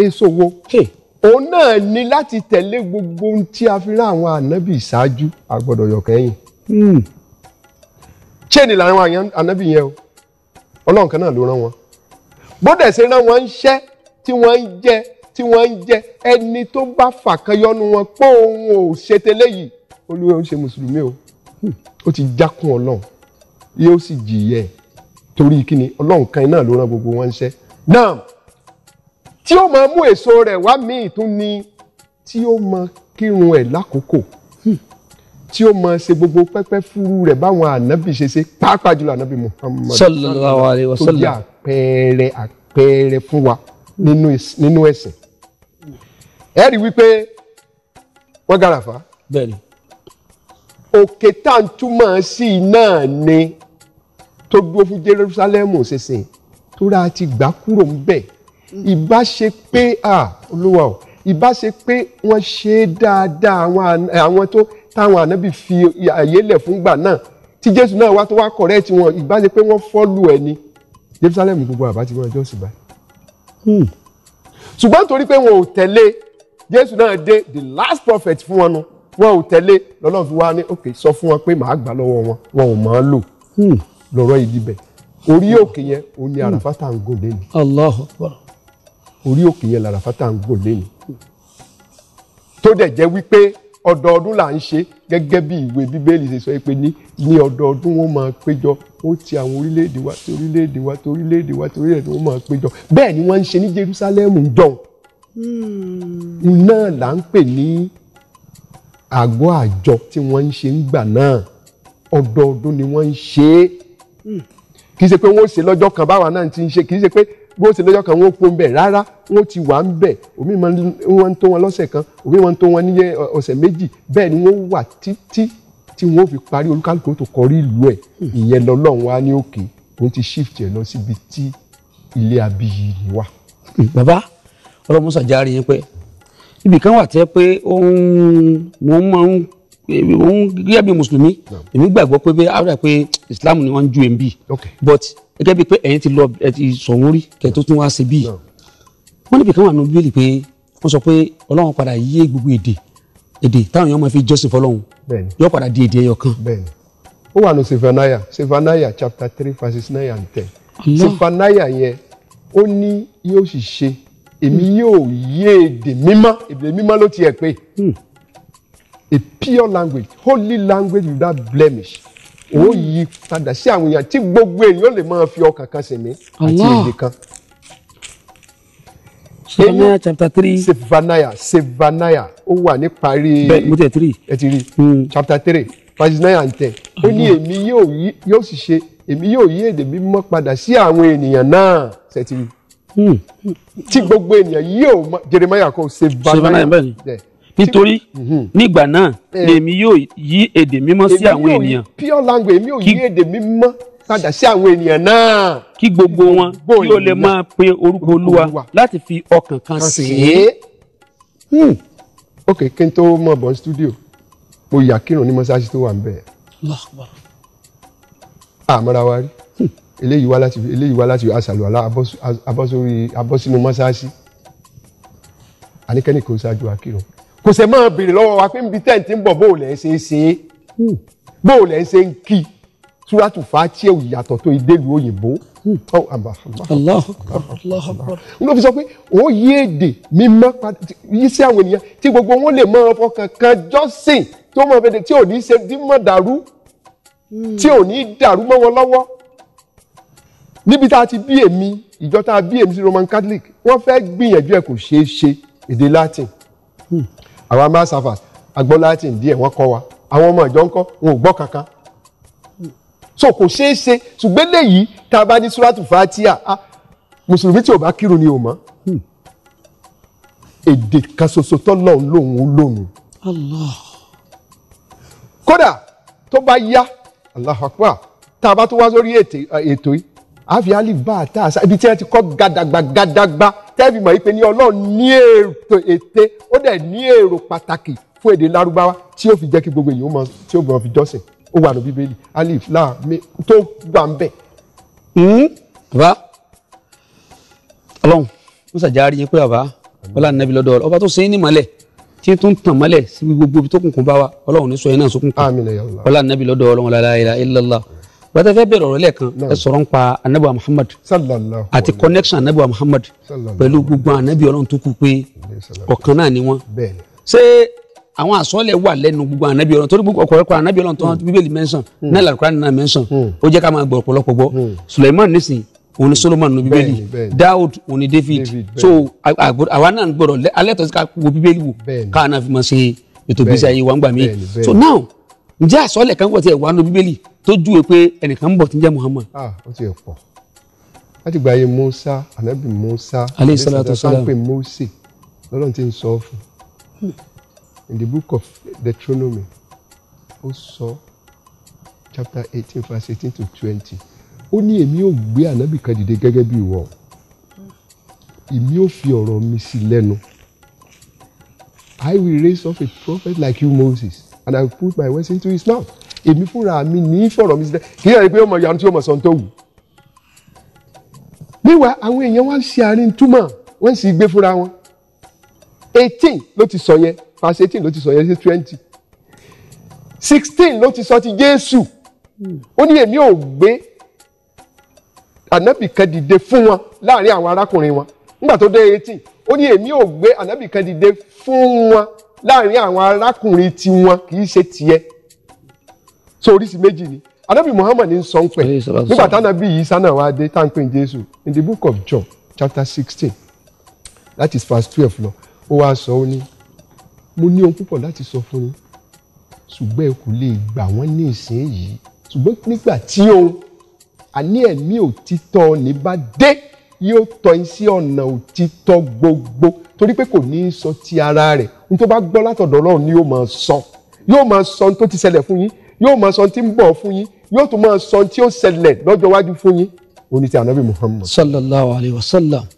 èso wo òun náà ni láti tẹ̀lé gbogbo ohun tí a fi rán àwọn ànábì ṣáájú a gbọ́dọ̀ yọ̀ kẹ́yìn chain hmm. làwọn ànábì yẹn o ọlọ́run kan náà ló rán wọn bódà ṣe rán wọn ń ṣẹ́ tí wọ́n ń jẹ tí wọ́n ń jẹ ẹni tó bá fàkàyọ́nu wọn pé òun ò ṣe tẹ́lẹ̀ yìí olúwa ń ṣe mùsùlùmí o hmm. ó ti jákun ọlọ́run yóò sì jìyẹ torí kíni ọlọ́run kan náà ló rán gbogbo wọn ń ṣẹ́ náà tí ó máa mú èso rẹ̀ wá míì tún ni tí ó máa kírun ẹ̀ lákòókò hmm. tí ó máa ṣe gbogbo pẹ́pẹ́ fúru rẹ̀ báwọn ànábì ṣe ṣe pàápàá jùlọ ànábì Muhammad sallallahu alaihi wasallam tó jẹ́ àpẹẹrẹ àpẹẹrẹ fún wa nínú ẹ̀sìn ẹ rí wípé wọ́n gàràfà òkè tá à ń túmọ̀ sí náà ni tó dúró fún Jerúsálẹ́mù ṣinṣin tó rà á ti gbà kúrò ń bẹ̀ ìbá ṣe pé olúwa o ìbá ṣe pé wọ́n ṣe dáadáa àwọn tó táwọn ànábì fi àyélẹ̀ fúngbà náà tí jésù náà wá tó wá kọ̀rẹ́ tí wọn ìbá ṣe pé wọ́n fọ́lù ẹ̀ ni jerusalem gbogbo àbá ti wọ́n ẹjọ́ sì báyìí. Hmm. ṣùgbọ́n torí pé wọn ò tẹ̀lé jésù náà dé the last prophet fún wọn nu wọn ò tẹ̀lé lọ́lọ́run fi wá ní ok sọ fún wọn pé màá gbà lọ́wọ́ wọn wọn ò mọ̀ ọ́n lò hmm. lọ́rọ̀ yìí dibẹ̀ orí òkè yẹn òun ni àràfà tá à ń gòdè ni. Allahu Akbar orí òkè yẹn làràfàtà ń gùn lẹ́nu tó dẹ̀ jẹ́ wípé ọdọọdún là ń ṣe gẹ́gẹ́ bí ìwé bíbélì ṣe sọ pé ní ní ọdọọdún wọ́n máa péjọ wọ́n ti àwọn orílẹ̀-èdè wa ti orílẹ̀-èdè wa ti orílẹ̀-èdè wa ti orílẹ̀-èdè wọ́n máa péjọ bẹ́ẹ̀ ni wọ́n ń ṣe ní Jerusalem jọ̀hún hmm. náà là ń pè ní àgọ́ àjọ tí wọ́n ń ṣe ń gbà náà ọdọọdún ni wọ́n ń ṣe é hmm. kì í ṣe pé wọ́n ó ṣe lọ́jọ́ kan báwa náà ti ń ṣe kì í ṣe pé bó ṣe lọ́jọ́ kan wọ́n po ń bẹ̀ rárá wọ́n ti wà ń bẹ̀ omi wọn tó wọn lọ́sẹ̀ kan omi wọn tó wọn níyẹn ọ̀sẹ̀ méjì bẹ́ẹ̀ ni wọ́n wà títí tí wọ́n fi parí olúkálùkù tó kọrí ìlú ẹ̀ ìyẹn lọ́lọ́run wá ní òkè òun ti shift ẹ̀ lọ síbi tí ilé abiyì ni wà. bàbá ọlọ́mọ sàjárì yẹn pé ibì kan wà tẹ́ pé ó ń wọ́n máa ń òun gẹ́gẹ́ bí mùsùlùmí èmi gbàgbọ́ pé pé àwọn pé islam ni wọ́n ń ju èmi but gẹ́gẹ́ bí pé ẹ̀yin ti lọ ẹ ti sọ̀rọ̀ rí kẹ́ tó tún wá sí bíi wọ́n níbi kan wà nínú bíbélì pé wọ́n sọ pé ọlọ́run padà yé gbogbo èdè èdè táwọn èèyàn máa fi jọ́sìn fọlọ́run yóò padà di èdè ẹyọ kan. ó wà ní sefanaya sefanaya chapter three verses nine and ten sefanaya yẹn ó ní yóò sì ṣe èmi yóò yé èdè mímọ́ èdè mímọ́ ló tiẹ̀ pé. Hmm a pure language holy language without blemish ó hmm. yí padà sí àwọn èèyàn tí gbogbo èèyàn lè máa fi ọkàn kan sìn mí àti èdè kan. Savannah chapter three. Savannah Savannah ó wà ní parí. bẹ́ẹ̀ mo tẹ three. ẹ ti rí hmm. chapter three verse nine and ten. ó ní èmi yóò sì ṣe èmi yóò yí èdè mímọ́ padà sí àwọn ènìyàn náà ṣe ti rí. Hmm. tí gbogbo ènìyàn yóò Jeremiah kò Savannah. Savannah bẹ́ẹ̀ ni nítorí mhm. nígbà náà lèmi eh. yóò yí èdè mímọ́ sí àwọn ènìyàn pure language èmi yóò yí èdè mímọ́ padà sí àwọn ènìyàn náà. kí gbogbo wọn kí o lè máa pe orúkọ olúwa láti fi ọkàn kan sí i. Hmm. ok kí n tó mọ̀ bọ́ studio mo yà kírun ní mọ́ṣáláṣí tó wà ń bẹ̀. àmọ́ra wa rí hmm. eléyìí wá láti eléyìí wá láti àṣàlù àlá abọ́sórí abọ́sínú mọ́ṣáláṣí àníkẹ́ni kò ṣáájú akírun kò sẹ́ máa béèrè lọ́wọ́ wa pé nbí tẹ́ǹtì ń bọ̀ bó o lẹ́ ṣe é ṣe hmm. é bó o lẹ́ ṣe ń kí túrátù fàájì ẹ̀wù yàtọ̀ tó ìdélùú òyìnbó. n ló fi sọ pé ó yí èdè mímọ́ yí sí àwọn ènìyàn tí gbogbo wọn lè máa fọkàn kan jọ́sìn tó mọ̀ fẹ́ẹ́ tí ò ní ṣe dímọ̀ dàrú hmm. tí ò ní dàrú mọ́ wọn lọ́wọ́ níbi tá a ti bí èmi ìjọ tá a bí èmi sí Roman Catholic wọ́n fẹ́ gbìyànjú ẹ̀ kò ṣeé ṣe èdè Latin. Hmm àwa máa sáfà agbọ́ látìn díẹ̀ wọ́n kọ́ wa àwọn ọmọ ìjọ ń kọ́ wọn ò gbọ́ kankan so kò ṣeé ṣe ṣùgbọ́n léyìí tá a bá ní suratu fatia mùsùlùmí tí ò bá kírun ni ò mọ́ èdè kan ṣoṣo tọ́lọ́run lòun lòun. Allah. kódà tó bá yá Allahu Akbar tá a bá tó wá sórí ètò yìí àfi alif bá a tá a ibi tí wọ́n ti kọ́ gàdàgbà gàdàgbà tẹ́ẹ̀bì mọ̀ pé ní ọlọ́run ní èrò ète ó dẹ̀ ní èrò pàtàkì fún èdè lárúbáwá tí ó fi jẹ́ kí gbogbo èèyàn mọ̀ tí ó gbọ́n fi jọ́sìn ó wà ní bíbélì alif la mi tó gbà ń bẹ̀. Hmm? bàbá ọlọ́run ó ṣàjárí yín pé bàbá ọlá nàbí lọ́dọ̀ ọba tó ṣe é ní mọ́lẹ̀ tí tó ń tàn mọ́lẹ̀ síbi gbogbo ibi tó kùnkùn bá wa ọlọ́run ní sọ yẹn náà sókùnkùn ọlá nàbí lọ́dọ̀ ọlọ́run la ilaha Allah bàtà fẹ́ bẹ̀rẹ̀ ọ̀rọ̀ lẹ́ẹ̀kan ẹ sọ̀rọ̀ ń pa anabi muhammad àti connection anabi muhammad pẹ̀lú gbogbo anabi ọlọ́run tó kù pé ọ̀kan náà ni wọ́n ṣé àwọn àsọlẹ̀ wà lẹ́nu gbogbo anabi ọlọ́run torí gbogbo ọ̀pọ̀lọpọ̀ anabi ọlọ́run tó hmm. bíbélì mẹ́sàn hmm. náà làkúrá nínú mẹ́sàn ó jẹ́ ká máa gbọ́ ọ̀pọ̀lọpọ̀ gbọ́ hmm. suleiman nísìnyí òun ni solomon nu bíbélì daoud òun david so àwa náà gbọ́dọ̀ alẹ́tọ̀ọ́ sí ká wo bíbélì wò káà náà fi máa ṣe ètò ìgbésí ayé wa ń gbà mí so now ǹjẹ́ àsọlẹ̀ kan wọ̀ tí ẹ̀ wà nù bíbélì tó júwe pé ẹnìkan ń bọ̀ tí ń jẹ́ Muhammad. Ah, ó ti pọ̀ láti gba ayé Musa anabi Musa aleyhi salatu salam Mose lọ́dún tí ń sọ fún in the book of Deuteronomy ó sọ chapter eighteen verse eighteen to twenty ó ní èmi ò gbé anabi kan dìde gẹ́gẹ́ bí ìwọ èmi ò fi ọ̀rọ̀ mi sí lẹ́nu I will raise up a prophet like you Moses and I will put my words into his mouth èmi fúnra mi ní fọ̀rọ̀ mi sílẹ̀ kí ẹ̀rí pé ọmọ ìyanu tí ọmọ sàn tó wù. níwà àwọn èèyàn wá ń ṣe àárín túmọ̀ wọ́n sì gbé fúnra wọn eighteen ló ti sọ yẹn pàṣẹ eighteen ló ti sọ yẹn sí twenty sixteen ló ti sọ ti Jésù ó ní èmi ò gbé ànábì kan dìde fún wọn láàrin àwọn arákùnrin wọn nígbà tó dé eighteen ó ní èmi ò gbé ànábì kan dìde fún wọn láàrin àwọn arákùnrin tiwọn kì í ṣe tiẹ̀ so oríṣi méjì ni anabi muhammad ń sọ ń pẹ nígbà tánabi yìí sánà wá dé tá à jésù in the book of john chapter sixteen that is verse twelve lọ ó wá sọ ó ní mo ní ohun púpọ̀ láti sọ fún yín ṣùgbọ́n ẹ kò lè gbà wọ́n ní ìsìn yìí ṣùgbọ́n nígbà tí òun àní ẹ̀mí òtítọ́ ní bá dé yóò tọ́ yín sí ọ̀nà òtítọ́ gbogbo torí pé kò ní í sọ ti ara rẹ̀ n tó bá gbọ́ látọ̀dọ̀ ọlọ́run ni yóò máa sọ yóò máa sọ n tó ti ṣẹlẹ̀ fún yín yóò mọ sọ tí ń bọ̀ fún yín yóò tún mọ sọ tí ó ṣẹlẹ̀ lọ́jọ́ iwájú fún yín oní ti Muhammad. sallallahu alayhi wa sallam.